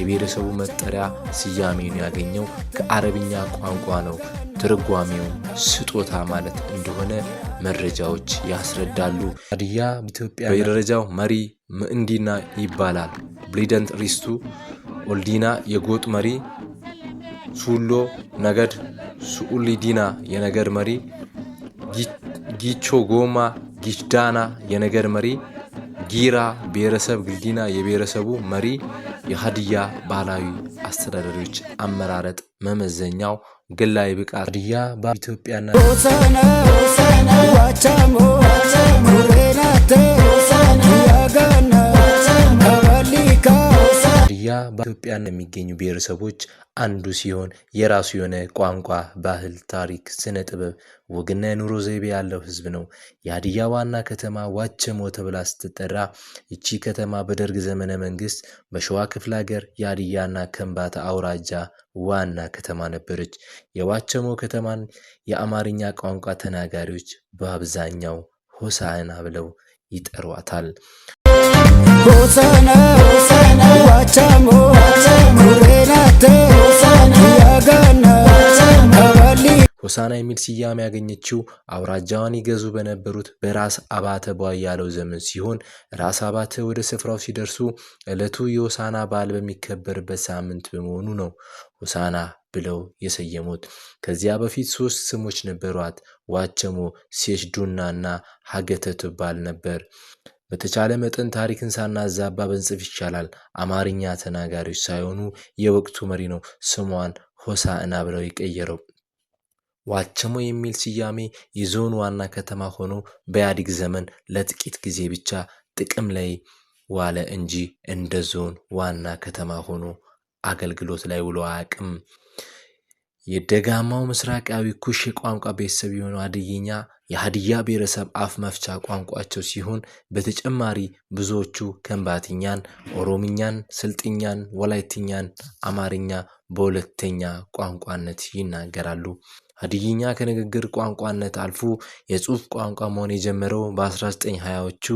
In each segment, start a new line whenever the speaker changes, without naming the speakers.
የብሔረሰቡ መጠሪያ ስያሜን ያገኘው ከአረብኛ ቋንቋ ነው። ትርጓሜውም ስጦታ ማለት እንደሆነ መረጃዎች ያስረዳሉ።
ሀዲያ ኢትዮጵያ
በደረጃው መሪ ምእንዲና ይባላል። ብሊደንት ሪስቱ ኦልዲና የጎጥ መሪ፣ ሱሎ ነገድ ሱኡሊዲና የነገድ መሪ፣ ጊቾ ጎማ ጊችዳና የነገድ መሪ፣ ጊራ ብሔረሰብ ግልዲና የብሔረሰቡ መሪ የሀዲያ ባህላዊ አስተዳደሪዎች አመራረጥ መመዘኛው ግላዊ ብቃት
ሀዲያ በኢትዮጵያና
ዋቻሞ
ያ በኢትዮጵያ የሚገኙ ብሔረሰቦች አንዱ ሲሆን የራሱ የሆነ ቋንቋ፣ ባህል፣ ታሪክ፣ ስነ ጥበብ፣ ወግና የኑሮ ዘይቤ ያለው ህዝብ ነው። የሀዲያ ዋና ከተማ ዋቸሞ ተብላ ስትጠራ ይቺ ከተማ በደርግ ዘመነ መንግስት በሸዋ ክፍለ ሀገር የሀዲያና ከምባታ አውራጃ ዋና ከተማ ነበረች። የዋቸሞ ከተማን የአማርኛ ቋንቋ ተናጋሪዎች በአብዛኛው ሆሳዕና ብለው ይጠሯታል።
ሆሳዕና ዋቻሞ
የሚል ስያሜ ያገኘችው አውራጃዋን ይገዙ በነበሩት በራስ አባተ ቧያለው ዘመን ሲሆን ራስ አባተ ወደ ስፍራው ሲደርሱ ዕለቱ የሆሳና በዓል በሚከበርበት ሳምንት በመሆኑ ነው ሆሳና ብለው የሰየሙት። ከዚያ በፊት ሶስት ስሞች ነበሯት። ዋቸሞ፣ ሴሽዱና እና ሀገተ ትባል ነበር። በተቻለ መጠን ታሪክን ሳናዛባ ብንጽፍ ይቻላል። አማርኛ ተናጋሪዎች ሳይሆኑ የወቅቱ መሪ ነው ስሟን ሆሳዕና ብለው የቀየረው። ዋቸሞ የሚል ስያሜ የዞኑ ዋና ከተማ ሆኖ በኢህአዴግ ዘመን ለጥቂት ጊዜ ብቻ ጥቅም ላይ ዋለ እንጂ እንደ ዞን ዋና ከተማ ሆኖ አገልግሎት ላይ ውሎ አያውቅም። የደጋማው ምስራቃዊ ኩሽ የቋንቋ ቤተሰብ የሆነው አድይኛ የሀዲያ ብሔረሰብ አፍ መፍቻ ቋንቋቸው ሲሆን በተጨማሪ ብዙዎቹ ከንባትኛን፣ ኦሮምኛን፣ ስልጥኛን፣ ወላይትኛን፣ አማርኛ በሁለተኛ ቋንቋነት ይናገራሉ። ሀዲይኛ ከንግግር ቋንቋነት አልፎ የጽሑፍ ቋንቋ መሆን የጀመረው በ1920ዎቹ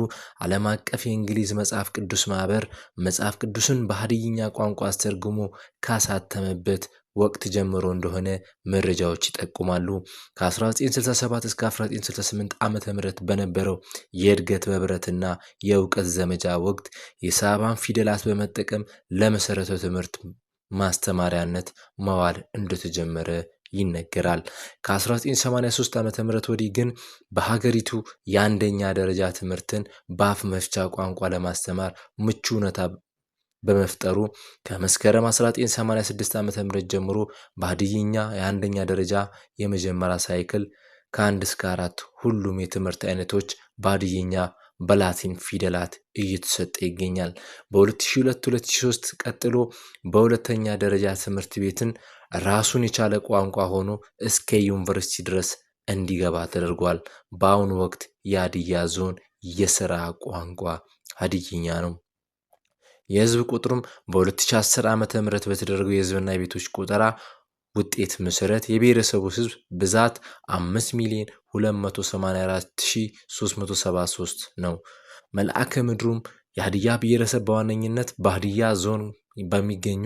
ዓለም አቀፍ የእንግሊዝ መጽሐፍ ቅዱስ ማህበር መጽሐፍ ቅዱስን በሀዲይኛ ቋንቋ አስተርጉሞ ካሳተመበት ወቅት ጀምሮ እንደሆነ መረጃዎች ይጠቁማሉ። ከ1967 እስከ በ1968 ዓ.ም በነበረው የእድገት በብረትና የእውቀት ዘመቻ ወቅት የሳባን ፊደላት በመጠቀም ለመሠረተ ትምህርት ማስተማሪያነት መዋል እንደተጀመረ ይነገራል። ከ1983 ዓ ም ወዲህ ግን በሀገሪቱ የአንደኛ ደረጃ ትምህርትን በአፍ መፍቻ ቋንቋ ለማስተማር ምቹ ሁኔታ በመፍጠሩ ከመስከረም 1986 ዓ ም ጀምሮ በሀድይኛ የአንደኛ ደረጃ የመጀመሪያ ሳይክል ከአንድ እስከ አራት ሁሉም የትምህርት አይነቶች በሀዲይኛ በላቲን ፊደላት እየተሰጠ ይገኛል። በ2002-2003 ቀጥሎ በሁለተኛ ደረጃ ትምህርት ቤትን ራሱን የቻለ ቋንቋ ሆኖ እስከ ዩኒቨርሲቲ ድረስ እንዲገባ ተደርጓል። በአሁኑ ወቅት የሀዲያ ዞን የስራ ቋንቋ ሀዲይኛ ነው። የህዝብ ቁጥሩም በ2010 ዓ ም በተደረገው የህዝብና የቤቶች ቆጠራ ውጤት መሰረት የብሔረሰቡ ህዝብ ብዛት 5 ሚሊዮን 284373 ነው። መልአከ ምድሩም የሀዲያ ብሔረሰብ በዋነኝነት በሀዲያ ዞን በሚገኙ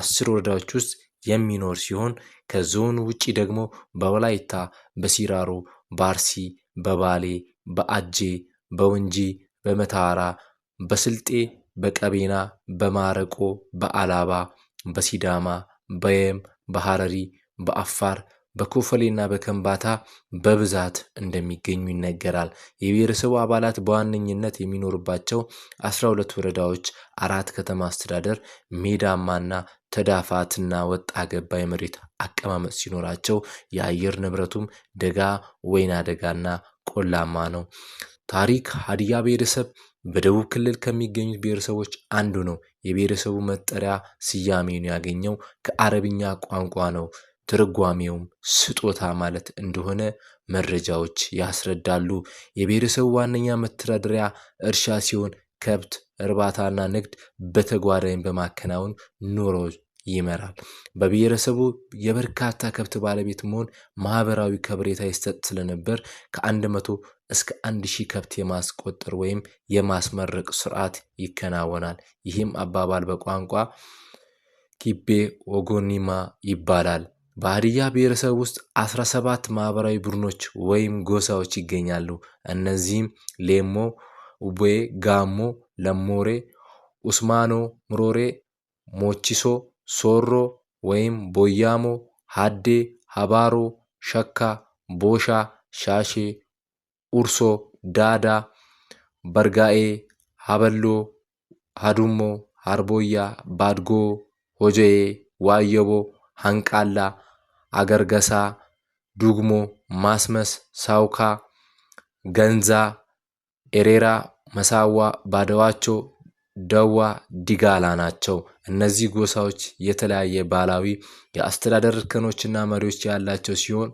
አስር ወረዳዎች ውስጥ የሚኖር ሲሆን ከዞኑ ውጪ ደግሞ በወላይታ፣ በሲራሮ፣ በአርሲ፣ በባሌ፣ በአጄ፣ በወንጂ፣ በመታራ፣ በስልጤ፣ በቀቤና፣ በማረቆ፣ በአላባ፣ በሲዳማ በየም፣ በሐረሪ፣ በአፋር በኮፈሌና በከንባታ በብዛት እንደሚገኙ ይነገራል። የብሔረሰቡ አባላት በዋነኝነት የሚኖርባቸው 12 ወረዳዎች፣ አራት ከተማ አስተዳደር ሜዳማና ተዳፋትና ወጣ ገባ የመሬት አቀማመጥ ሲኖራቸው የአየር ንብረቱም ደጋ ወይና ደጋና ቆላማ ነው። ታሪክ ሀዲያ ብሔረሰብ በደቡብ ክልል ከሚገኙት ብሔረሰቦች አንዱ ነው። የብሔረሰቡ መጠሪያ ስያሜን ያገኘው ከአረብኛ ቋንቋ ነው። ትርጓሜውም ስጦታ ማለት እንደሆነ መረጃዎች ያስረዳሉ። የብሔረሰቡ ዋነኛ መተዳደሪያ እርሻ ሲሆን ከብት እርባታና ንግድ በተጓዳኝ በማከናወን ኑሮ ይመራል። በብሔረሰቡ የበርካታ ከብት ባለቤት መሆን ማህበራዊ ከብሬታ ይሰጥ ስለነበር ከአንድ መቶ እስከ አንድ ሺህ ከብት የማስቆጠር ወይም የማስመረቅ ስርዓት ይከናወናል። ይህም አባባል በቋንቋ ኪቤ ወጎኒማ ይባላል። በሀዲያ ብሔረሰብ ውስጥ 17 ማህበራዊ ቡድኖች ወይም ጎሳዎች ይገኛሉ። እነዚህም ሌሞ፣ ኡቤ፣ ጋሞ፣ ለሞሬ፣ ኡስማኖ፣ ምሮሬ፣ ሞቺሶ ሶሮ ወይም ቦያሞ፣ ሀዴ፣ ሀባሮ፣ ሸካ፣ ቦሻ፣ ሻሼ፣ ኡርሶ፣ ዳዳ፣ በርጋኤ፣ ሀበሎ፣ ሀዱሞ፣ ሀርቦያ፣ ባድጎ፣ ሆጀዬ፣ ዋየቦ፣ ሀንቃላ፣ አገርገሳ፣ ዱግሞ፣ ማስመስ፣ ሳውካ፣ ገንዛ፣ ኤሬራ፣ መሳዋ፣ ባደዋቾ ደዋ ዲጋላ ናቸው። እነዚህ ጎሳዎች የተለያየ ባህላዊ የአስተዳደር እርከኖችና መሪዎች ያላቸው ሲሆን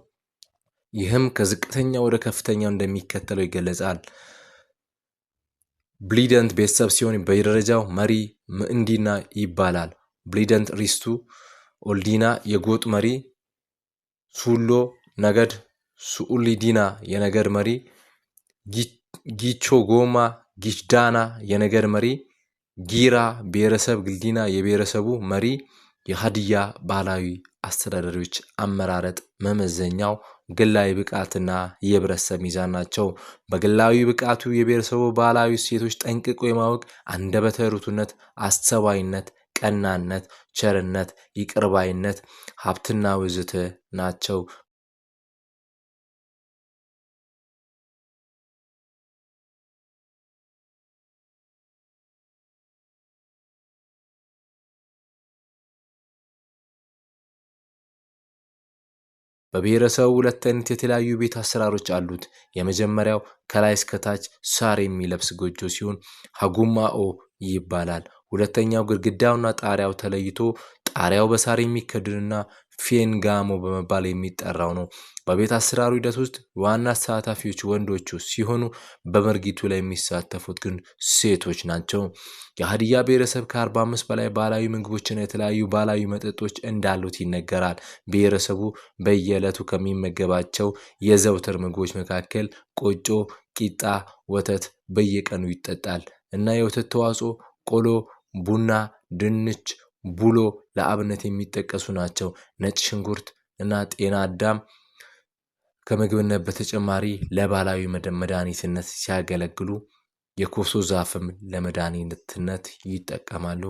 ይህም ከዝቅተኛ ወደ ከፍተኛው እንደሚከተለው ይገለጻል። ብሊደንት ቤተሰብ ሲሆን በደረጃው መሪ ምእንዲና ይባላል። ብሊደንት ሪስቱ ኦልዲና የጎጥ መሪ፣ ሱሎ ነገድ ሱኡሊዲና የነገድ መሪ፣ ጊቾ ጎማ ጊችዳና የነገድ መሪ ጊራ ብሔረሰብ ግልዲና የብሔረሰቡ መሪ የሀዲያ ባህላዊ አስተዳደሪዎች አመራረጥ መመዘኛው ግላዊ ብቃትና የህብረተሰብ ሚዛን ናቸው። በግላዊ ብቃቱ የብሔረሰቡ ባህላዊ እሴቶች ጠንቅቆ የማወቅ አንደበተ ርቱዕነት፣ አስተዋይነት፣ ቀናነት፣ ቸርነት፣ ይቅርባይነት፣ ሀብትና ወዘተ ናቸው። በብሔረሰቡ ሁለት አይነት የተለያዩ ቤት አሰራሮች አሉት። የመጀመሪያው ከላይ እስከታች ሳር የሚለብስ ጎጆ ሲሆን ሀጉማኦ ይባላል። ሁለተኛው ግድግዳውና ጣሪያው ተለይቶ ጣሪያው በሳር የሚከድንና ፌንጋሞ በመባል የሚጠራው ነው። በቤት አሰራሩ ሂደት ውስጥ ዋና ተሳታፊዎች ወንዶቹ ሲሆኑ በመርጊቱ ላይ የሚሳተፉት ግን ሴቶች ናቸው። የሀዲያ ብሔረሰብ ከ45 በላይ ባህላዊ ምግቦችና የተለያዩ ባህላዊ መጠጦች እንዳሉት ይነገራል። ብሔረሰቡ በየዕለቱ ከሚመገባቸው የዘውትር ምግቦች መካከል ቆጮ፣ ቂጣ፣ ወተት በየቀኑ ይጠጣል እና የወተት ተዋጽኦ ቆሎ፣ ቡና፣ ድንች፣ ቡሎ ለአብነት የሚጠቀሱ ናቸው። ነጭ ሽንኩርት እና ጤና አዳም ከምግብነት በተጨማሪ ለባህላዊ መድኃኒትነት ሲያገለግሉ የኮሶ ዛፍም ለመድኃኒትነት ይጠቀማሉ።